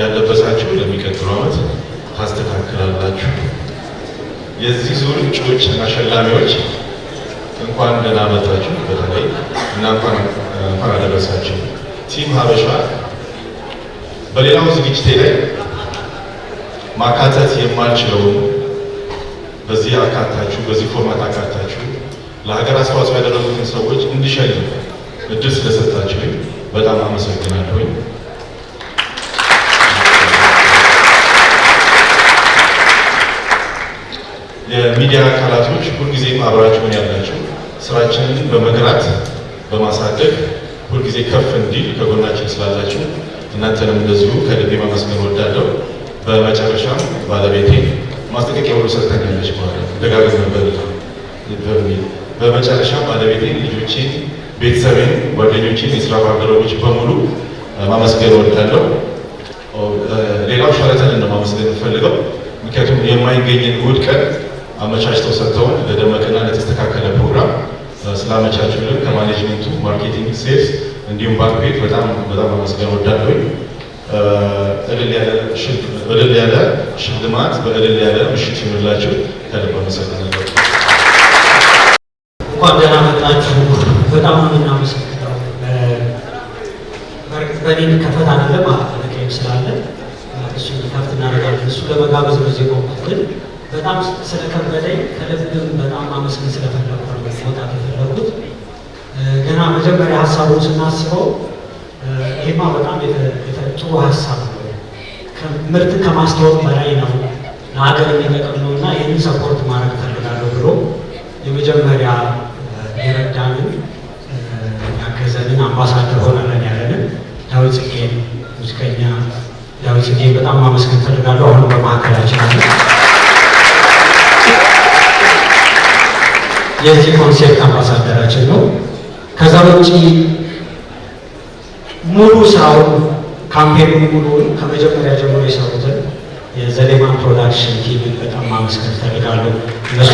ያለበሳችሁ ለሚቀጥሉ ዓመት ታስተካክላላችሁ። የዚህ ዙር እና ሸላሚዎች እንኳን ደህና መጣችሁ። በተለይ እና እንኳን አደረሳችሁ። ቲም ሀበሻ በሌላው ዝግጅቴ ላይ ማካተት የማልችለውን በዚህ አካታችሁ በዚህ ፎርማት አካታችሁ ለሀገር አስተዋጽኦ ያደረጉትን ሰዎች እንዲሸልም እድል ስለሰጣችሁ በጣም አመሰግናለሁኝ። የሚዲያ አካላቶች ሁልጊዜ አብራችሁን ያላችሁ ስራችንን በመግራት በማሳደግ ሁልጊዜ ከፍ እንዲል ከጎናችን ስላላችሁ እናንተንም እንደዚሁ ከልቤ ማመስገን ወዳለው። በመጨረሻም ባለቤቴ ማስጠንቀቂያ ሁሉ ሰጥታኛለች ማለት ደጋግም በሚል በመጨረሻ ባለቤቴን፣ ልጆቼን፣ ቤተሰቤን፣ ጓደኞቼን፣ የስራ ባልደረቦች በሙሉ ማመስገን ወዳለው። ሌላው ሻለተንን ነው ማመስገን የምፈልገው ምክንያቱም የማይገኝን ውድ ቀን አመቻችተው ሰጥተውን ለደመቀና ለተስተካከለ ፕሮግራም ስላመቻቹልን ከማኔጅመንቱ ማርኬቲንግ፣ ሴልስ እንዲሁም ባንክ ቤት በጣም በጣም አመስገን ወዳለሁኝ። እልል ያለ ሽልማት በእልል ያለ ምሽት ይሁንላችሁ። ከልብ አመሰግናለሁ። እንኳን ደህና መጣችሁ። በጣም የምናመሰግነው በእርግጥ በኔን ከፈት አለ ማለት ስላለ እሱ ከፍት እናደርጋለን እሱ ለመጋበዝ ጊዜ ቆመትን በጣም ስለከበደኝ ከልብም በጣም ማመስገን ስለፈለጉ ነው የፈለጉት። ገና መጀመሪያ ሀሳቡን ስናስበው ይህማ በጣም ጥሩ ሀሳብ ምርት ከማስታወቅ በላይ ነው፣ ለሀገር የሚጠቅም ነው እና ይህንን ሰፖርት ማድረግ ፈልጋለሁ ብሎ የመጀመሪያ የረዳንን ያገዘንን አምባሳደር ሆነለን ያለንን ዳዊት ጽጌ ሙዚቀኛ ዳዊት ጽጌ በጣም ማመስገን ፈልጋለሁ። አሁንም በማካከላችን አለ የዚህ ኮንሴፕት አምባሳደራችን ነው። ከዛ ውጭ ሙሉ ስራውን ካምፔኑ ሙሉ ከመጀመሪያ ጀምሮ የሰሩትን የዘሌማን ፕሮዳክሽን ቲምን በጣም ማመስገን እፈልጋለሁ። እነሱ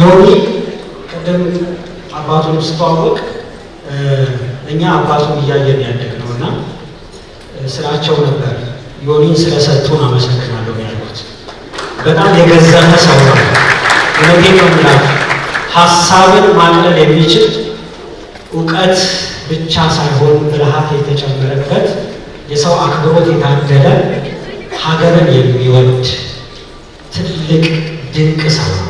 ዮኒ ቅድም አባቱን ስተዋወቅ እኛ አባቱን እያየን ያደግ ነው እና ስራቸው ነበር ዮኒን ስለሰጡን አመሰግናለሁ። በጣም የገዘፈ ሰው ነው። እውነቴን ነው የምላችሁ። ሀሳብን ማቅለል የሚችል እውቀት ብቻ ሳይሆን ብልሃት የተጨመረበት የሰው አክብሮት የታደለ ሀገርን የሚወድ ትልቅ ድንቅ ሰው ነው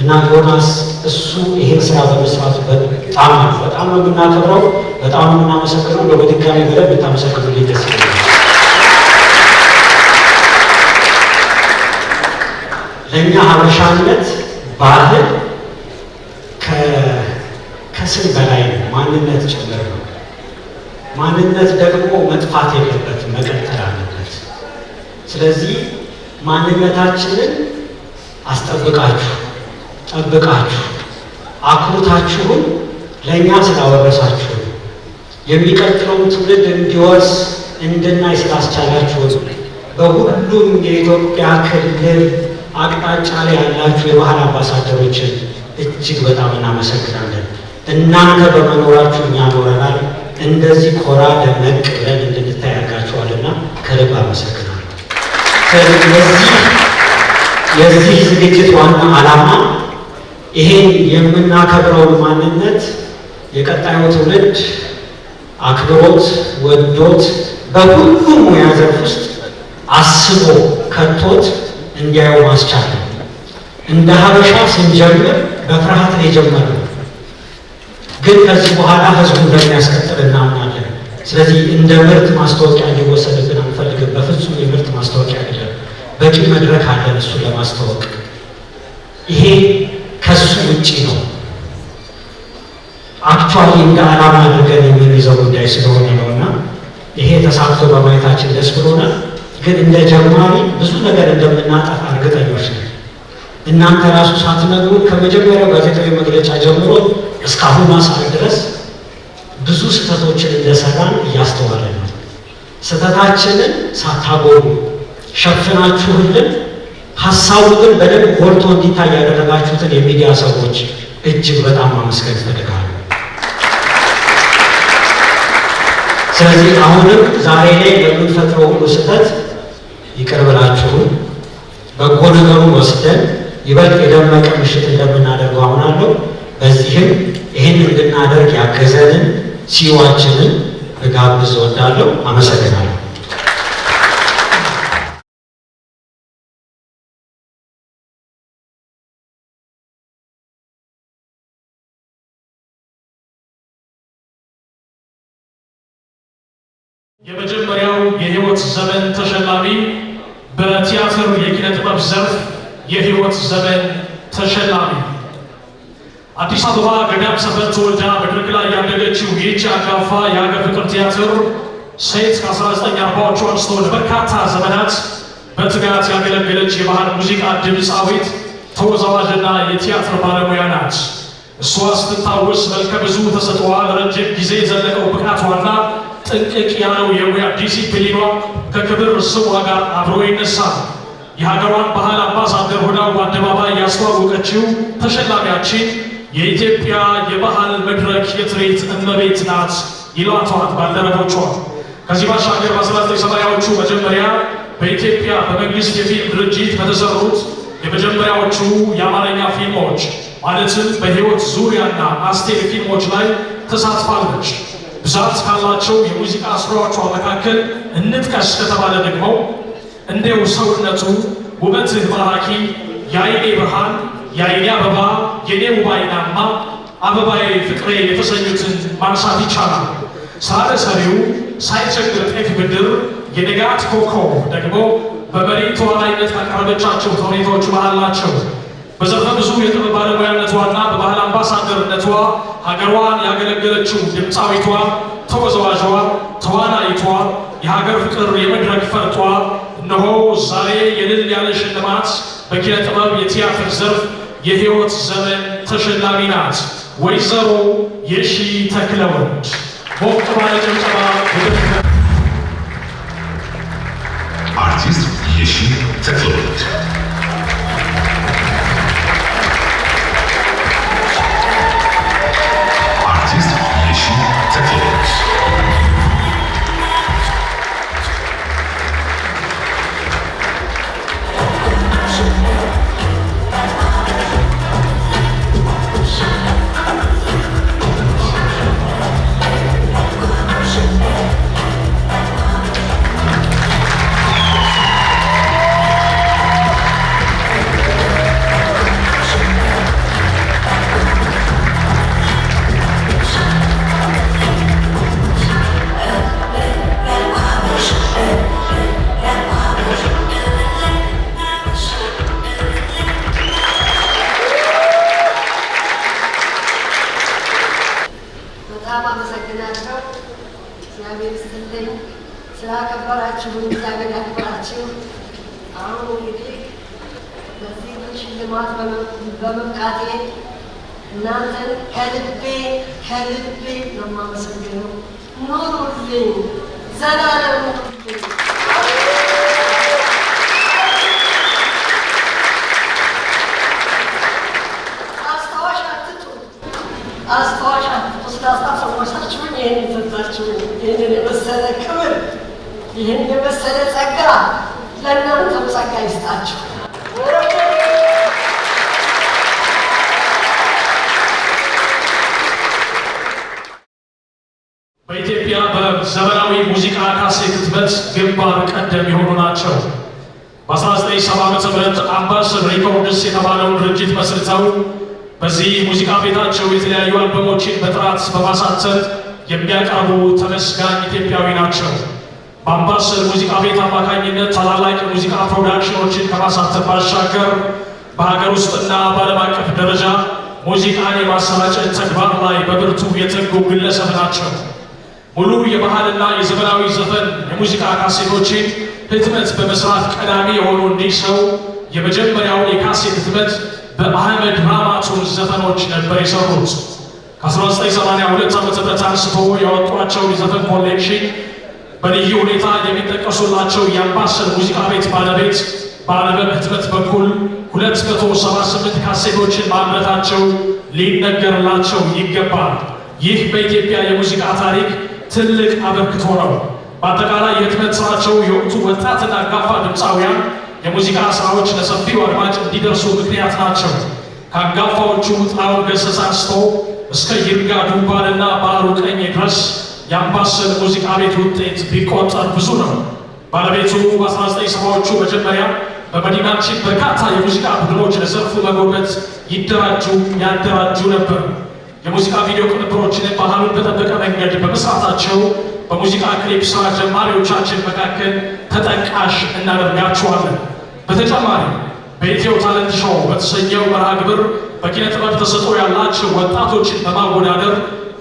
እና ዮናስ እሱ ይሄን ስራ በመስራቱ በጣም ነው በጣም ነው የምናከብረው፣ በጣም ነው የምናመሰግነው። በድጋሚ በደንብ የምታመሰግኑ ሊደስ ይለኛል። ለእኛ ሀበሻነት ባህል ከስም በላይ ነው፣ ማንነት ጭምር ነው። ማንነት ደግሞ መጥፋት የለበትም፣ መቀጠል አለበት። ስለዚህ ማንነታችንን አስጠብቃችሁ ጠብቃችሁ አክሩታችሁን ለእኛ ስላወረሳችሁ የሚቀጥለውን ትውልድ እንዲወርስ እንድናይ ስላስቻላችሁ በሁሉም የኢትዮጵያ ክልል አቅጣጫ ላይ ያላችሁ የባህል አምባሳደሮችን እጅግ በጣም እናመሰግናለን። እናንተ በመኖራችሁ እኛ ኖረናል። እንደዚህ ኮራ ደመቅ ብለን እንድንታይ ያርጋችኋልና ከልብ አመሰግናለሁ። የዚህ ዝግጅት ዋና ዓላማ ይሄን የምናከብረውን ማንነት የቀጣዩ ትውልድ አክብሮት ወዶት በሁሉም ሙያ ዘርፍ ውስጥ አስቦ ከቶት እንዲያዩ ማስቻል እንደ ሀበሻ ስንጀምር በፍርሃት ነው የጀመርነው፣ ግን ከዚህ በኋላ ህዝቡ እንደሚያስቀጥል እናምናለን። ስለዚህ እንደ ምርት ማስታወቂያ እንዲወሰድብን አንፈልግም። በፍጹም የምርት ማስታወቂያ አይደለም። በቂ መድረክ አለን እሱ ለማስታወቅ። ይሄ ከሱ ውጪ ነው። አክቹዋሊ እንደ አላማ አድርገን የምንይዘው ጉዳይ ስለሆነ ነው እና ይሄ ተሳክቶ በማየታችን ደስ ብሎናል። ግን እንደ ጀማሪ ብዙ ነገር እንደምናጠፍ እርግጠኞች ነ እናንተ ራሱ ሳትነግሩ ከመጀመሪያው ጋዜጣዊ መግለጫ ጀምሮ እስካሁን ማሳር ድረስ ብዙ ስህተቶችን እንደሰራን እያስተዋለ ነው። ስህተታችንን ሳታጎሩ ሸፍናችሁልን ሀሳቡ ግን በደንብ ጎልቶ እንዲታይ ያደረጋችሁትን የሚዲያ ሰዎች እጅግ በጣም ማመስገን ይፈልጋሉ። ስለዚህ አሁንም ዛሬ ላይ የምንፈጥረው ሁሉ ስህተት ይቅር በጎ ነገሩን ወስደን ይበልጥ የደመቀ ምሽት እንደምናደርገው አምናለሁ። በዚህም ይህን እንድናደርግ ያገዘንን ሲዋችንን እጋብዝ እወዳለሁ። አመሰግናለሁ። የመጀመሪያው የህይወት ዘመን ተሸላሚ በቲያትር የኪነ ጥበብ ዘርፍ የህይወት ዘመን ተሸላሚ አዲስ አበባ ገዳም ሰፈር ተወልዳ በድርቅ ላይ ያደገችው ይህች አንጋፋ የሀገር ፍቅር ቲያትር ሴት ከ1940ዎቹ አንስቶ ለበርካታ ዘመናት በትጋት ያገለገለች የባህል ሙዚቃ ድምፃዊት፣ ተወዛዋዥና የቲያትር ባለሙያ ናት። እሷ ስትታወስ መልከ ብዙ ተሰጥኦዋ ረጅም ጊዜ የዘለቀው ብቃቷና ጥንቅቅ ያለው የሙያ ዲሲፕሊኗ ከክብር ስሟ ጋር አብሮ ይነሳል። የሀገሯን ባህል አምባሳደር ሆና በአደባባይ ያስተዋወቀችው ተሸላሚያችን የኢትዮጵያ የባህል መድረክ የትርኢት እመቤት ናት ይሏታል ባልደረቦቿ። ከዚህ ባሻገር በ 1970 መጀመሪያ በኢትዮጵያ በመንግሥት የፊልም ድርጅት በተሰሩት የመጀመሪያዎቹ የአማርኛ ፊልሞች ማለትም በሕይወት ዙሪያና አስቴር ፊልሞች ላይ ተሳትፋለች። ብዛት ካላቸው የሙዚቃ ስራዎቿ መካከል እንጥቀስ ከተባለ ደግሞ እንዲሁ ሰውነቱ ውበት ማራኪ፣ የአይኔ ብርሃን፣ የአይኔ አበባ፣ የኔ ውብ አይናማ፣ አበባዬ ፍቅሬ የተሰኙትን ማንሳት ይቻላል። ሳለ ሰሪው ሳይቸግር ጤፍ ብድር፣ የንጋት ኮከብ ደግሞ በመሬት ተዋናይነት ካቀረበቻቸው ተውኔቶች መሃል ናቸው። በዘርፈ ብዙ የጥበብ ባለሙያነቷና በባህል አምባሳደርነቷ ሀገሯን ያገለገለችው ድምፃዊቷ፣ ተወዛዋዧ፣ ተዋናይቷ፣ የሀገር ፍቅር የመድረክ ፈርጧ እነሆ ዛሬ የድል ያለ ሽልማት በኪነ ጥበብ የቲያትር ዘርፍ የሕይወት ዘመን ተሸላሚ ናት። ወይዘሮ የሺ ተክለወልድ ሞቅ ባለ ጭብጨባ አርቲስት የሺ ተክለወልድ ከልቤ የማመሰግነው ኑሩልኝ፣ ዘላለም ኑሩልኝ። ይህን የመሰለ ክብር፣ ይህን የመሰለ ጸጋ ለእናንተም ጸጋ ይስጣችሁ። ዘመናዊ ሙዚቃ ካሴት ህትመት ግንባር ቀደም የሆኑ ናቸው። በ1970 ዓመተ ምህረት አምባስ ሪኮርድስ የተባለውን ድርጅት መስርተው በዚህ ሙዚቃ ቤታቸው የተለያዩ አልበሞችን በጥራት በማሳተም የሚያቀርቡ ተመስጋኝ ኢትዮጵያዊ ናቸው። በአምባሰል ሙዚቃ ቤት አማካኝነት ታላላቅ ሙዚቃ ፕሮዳክሽኖችን ከማሳተፍ ባሻገር በሀገር ውስጥና በዓለም አቀፍ ደረጃ ሙዚቃን የማሰራጨት ተግባር ላይ በብርቱ የተጉ ግለሰብ ናቸው። ሙሉ የባህልና የዘመናዊ ዘፈን የሙዚቃ ካሴቶችን ህትመት በመስራት ቀዳሚ የሆኑ እንዲህ ሰው የመጀመሪያውን የካሴት ህትመት በአህመድ ራማቱን ዘፈኖች ነበር የሰሩት። ከ1982 ዓ.ም አንስቶ ያወጧቸው የዘፈን ኮሌክሽን በልዩ ሁኔታ የሚጠቀሱላቸው የአምባሰል ሙዚቃ ቤት ባለቤት በአለበብ ህትመት በኩል 278 ካሴቶችን ማምረታቸው ሊነገርላቸው ይገባል። ይህ በኢትዮጵያ የሙዚቃ ታሪክ ትልቅ አበርክቶ ነው። በአጠቃላይ የህትመት ስራቸው የወቅቱ ወጣትና አንጋፋ ድምፃውያን የሙዚቃ ስራዎች ለሰፊው አድማጭ እንዲደርሱ ምክንያት ናቸው። ከአንጋፋዎቹ ጥላሁን ገሰሰ አንስቶ እስከ ይርጋ ዱባንና በዓሉ ቀኝ ድረስ የአምባሰል ሙዚቃ ቤት ውጤት ቢቆጠር ብዙ ነው። ባለቤቱ በ1970ዎቹ መጀመሪያ በመዲናችን በርካታ የሙዚቃ ቡድኖች ለዘርፉ መጎበት ይደራጁ ያደራጁ ነበር። የሙዚቃ ቪዲዮ ቅንብሮችን ባህሉን በጠበቀ መንገድ በመስራታቸው በሙዚቃ ክሊፕ ስራ ጀማሪዎቻችን መካከል ተጠቃሽ እናደርጋቸዋለን። በተጨማሪ በኢትዮ ታለንት ሾው በተሰኘው መርሃ ግብር በኪነ ጥበብ ተሰጥኦ ያላቸው ወጣቶችን በማወዳደር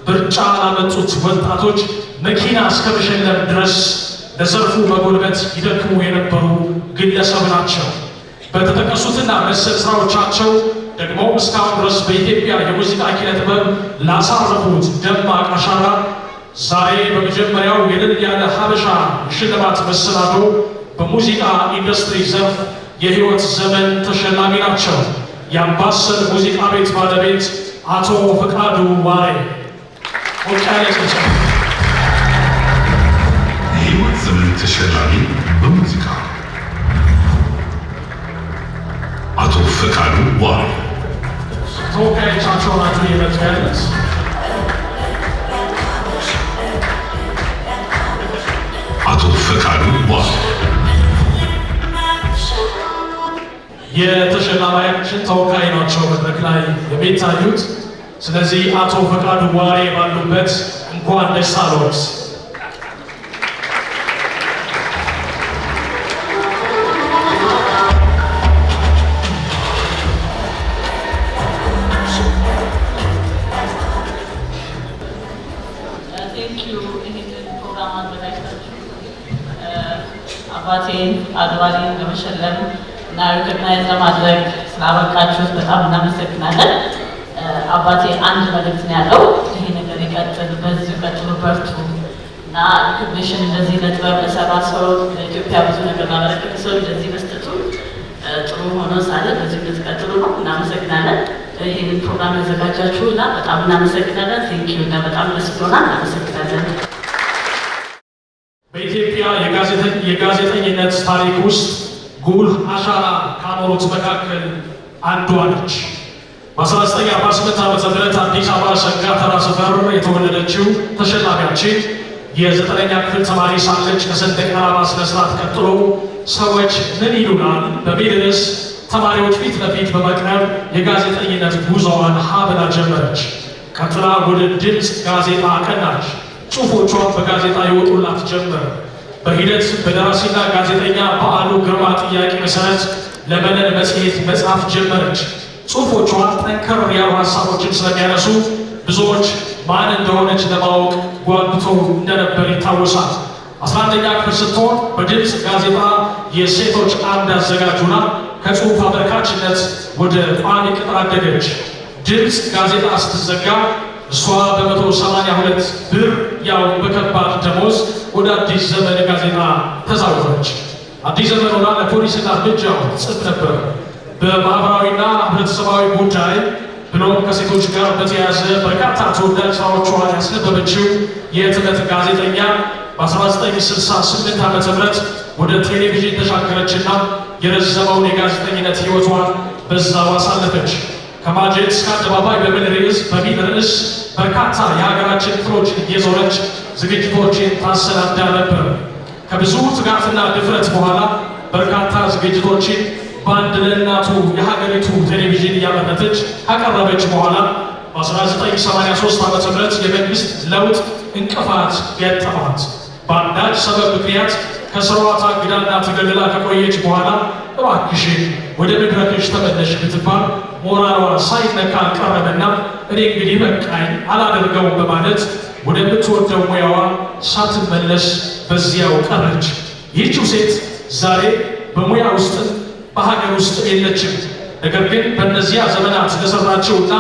ብርጫ ላመጡት ወጣቶች መኪና እስከ መሸለም ድረስ ለዘርፉ በጉልበት ይደክሙ የነበሩ ግለሰብ ናቸው። በተጠቀሱትና መሰል ስራዎቻቸው ደግሞ እስካሁን ድረስ በኢትዮጵያ የሙዚቃ ኪነ ጥበብ ላሳረፉት ደማቅ አሻራ ዛሬ በመጀመሪያው የልል ያለ ሀበሻ ሽልማት መሰናዶ በሙዚቃ ኢንዱስትሪ ዘርፍ የህይወት ዘመን ተሸላሚ ናቸው። የአምባሰል ሙዚቃ ቤት ባለቤት አቶ ፈቃዱ ዋሬ ወቃለች የህይወት ዘመን ተሸላሚ በሙዚቃ አቶ ፈቃዱ ዋሬ ተወካዮቻቸው ናቸው እየመጡ ያለት። አቶ ፈቃዱ የተሸላማያችን ተወካይ ናቸው መድረክ ላይ የሚታዩት። ስለዚህ አቶ ፈቃዱ ዋሬ ባሉበት እንኳን ደስ አለዎት። አድባሪ ለመሸለም እና ሪኮግናይዝ ለማድረግ ስላበቃችሁት በጣም እናመሰግናለን። አባቴ አንድ መልእክት ነው ያለው፣ ይሄ ነገር ይቀጥል፣ በዚሁ ቀጥሉ፣ በርቱ እና ኮሚሽን እንደዚህ ለጥበብ ለሰራ ሰው ለኢትዮጵያ ብዙ ነገር ላበረከተ ሰው እንደዚህ መስጠቱ ጥሩ ሆኖ ሳለ በዚሁ እንድትቀጥሉ ነው። እናመሰግናለን። ይህንን ፕሮግራም ያዘጋጃችሁ እና በጣም እናመሰግናለን። ቴንኪዩ እና በጣም ደስ ብሎናል። እናመሰግናለን። በኢትዮጵያ የጋዜጠኝነት ታሪክ ውስጥ ጉልህ አሻራ ካኖሩት መካከል አንዷ ነች። በ1948 ዓመተ ምህረት አዲስ አበባ ሰጋ ተራ ሰፈር የተወለደችው ተሸላሚያችን የዘጠነኛ ክፍል ተማሪ ሳለች ከሰንደቅ ዓላማ ስነ ቀጥሎ ሰዎች ምን ይሉናል በሚል ርዕስ ተማሪዎች ፊት ለፊት በመቅረብ የጋዜጠኝነት ጉዞዋን ሀብላ ጀመረች። ቀጥላ ወደ ድምፅ ጋዜጣ አቀናች። ጽሁፎቿን በጋዜጣ ይወጡላት ጀመር። በሂደት በደራሲና ጋዜጠኛ በዓሉ ግርማ ጥያቄ መሰረት ለመነን መጽሔት መጽሐፍ ጀመረች። ጽሁፎቿን ጠንከር ያሉ ሀሳቦችን ስለሚያነሱ ብዙዎች ማን እንደሆነች ለማወቅ ጓጉቶ እንደነበር ይታወሳል። አስራ አንደኛ ክፍል ስትሆን በድምፅ ጋዜጣ የሴቶች አምድ አዘጋጁና ከጽሁፍ አበርካችነት ወደ ቋሚ ቅጥር አደገች። ድምፅ ጋዜጣ ስትዘጋ እሷ በመቶ ሰማንያ ሁለት ብር ያው በከባድ ደሞዝ ወደ አዲስ ዘመን ጋዜጣ ተዛወረች። አዲስ ዘመን ሆና ለፖሊስና ምጃው ጽፍ ነበር። በማኅበራዊና ህብረተሰባዊ ጉዳይ ብሎም ከሴቶች ጋር በተያያዘ በርካታ ተወዳጅ ስራዎቿን ያስነበበችው የትነት ጋዜጠኛ በ1968 ዓ ም ወደ ቴሌቪዥን ተሻገረችና የረዘመውን የጋዜጠኝነት ህይወቷን በዛው አሳለፈች። ከማጀት እስከ አደባባይ በምን ርዕስ በሚል ርዕስ በርካታ የሀገራችን ክፍሎች እየዞረች ዝግጅቶችን ታሰናዳ ነበር። ከብዙ ትጋትና ድፍረት በኋላ በርካታ ዝግጅቶችን በአንድ ለእናቱ የሀገሪቱ ቴሌቪዥን እያመረተች ካቀረበች በኋላ በ1983 ዓ ም የመንግስት ለውጥ እንቅፋት ገጠማት። በአንዳች ሰበብ ምክንያት ከስሯዋ ታግዳና ተገልላ ከቆየች በኋላ እባክሽን ወደ ምድረክሽ ተመለሽ ብትባል ሞራሏ ሳይነካ አልቀረምና እኔ እንግዲህ በቃኝ አላደርገውም በማለት ወደምትወደው ሙያዋ ሳትመለስ በዚያው ቀረች። ይህችው ሴት ዛሬ በሙያ ውስጥም በሀገር ውስጥ የለችም። ነገር ግን በእነዚያ ዘመናት ለሰራቸውና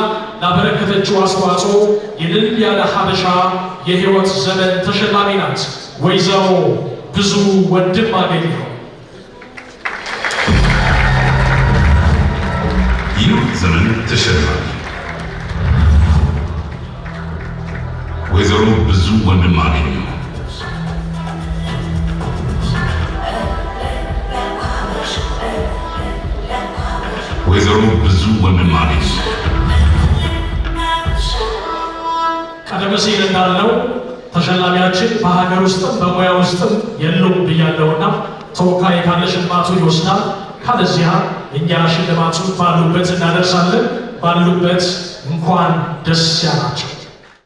ላበረከተችው አስተዋጽኦ የልል ያለ ሀበሻ የህይወት ዘመን ተሸላሚ ናት ወይዘሮ ብዙ ወንድም አገኘሁ። ይህ ዘመን ተሸልማል። ወይዘሮ ብዙ ወንድም አገኘሁ። ወይዘሮ ብዙ ወንድም ተሸላሚያችን በሀገር ውስጥም በሙያ ውስጥም የሉም ብያለሁና ተወካይ ካለ ሽልማቱ ይወስዳል። ካለዚያ እኛ ሽልማቱ ባሉበት እናደርሳለን። ባሉበት እንኳን ደስ ያላቸው።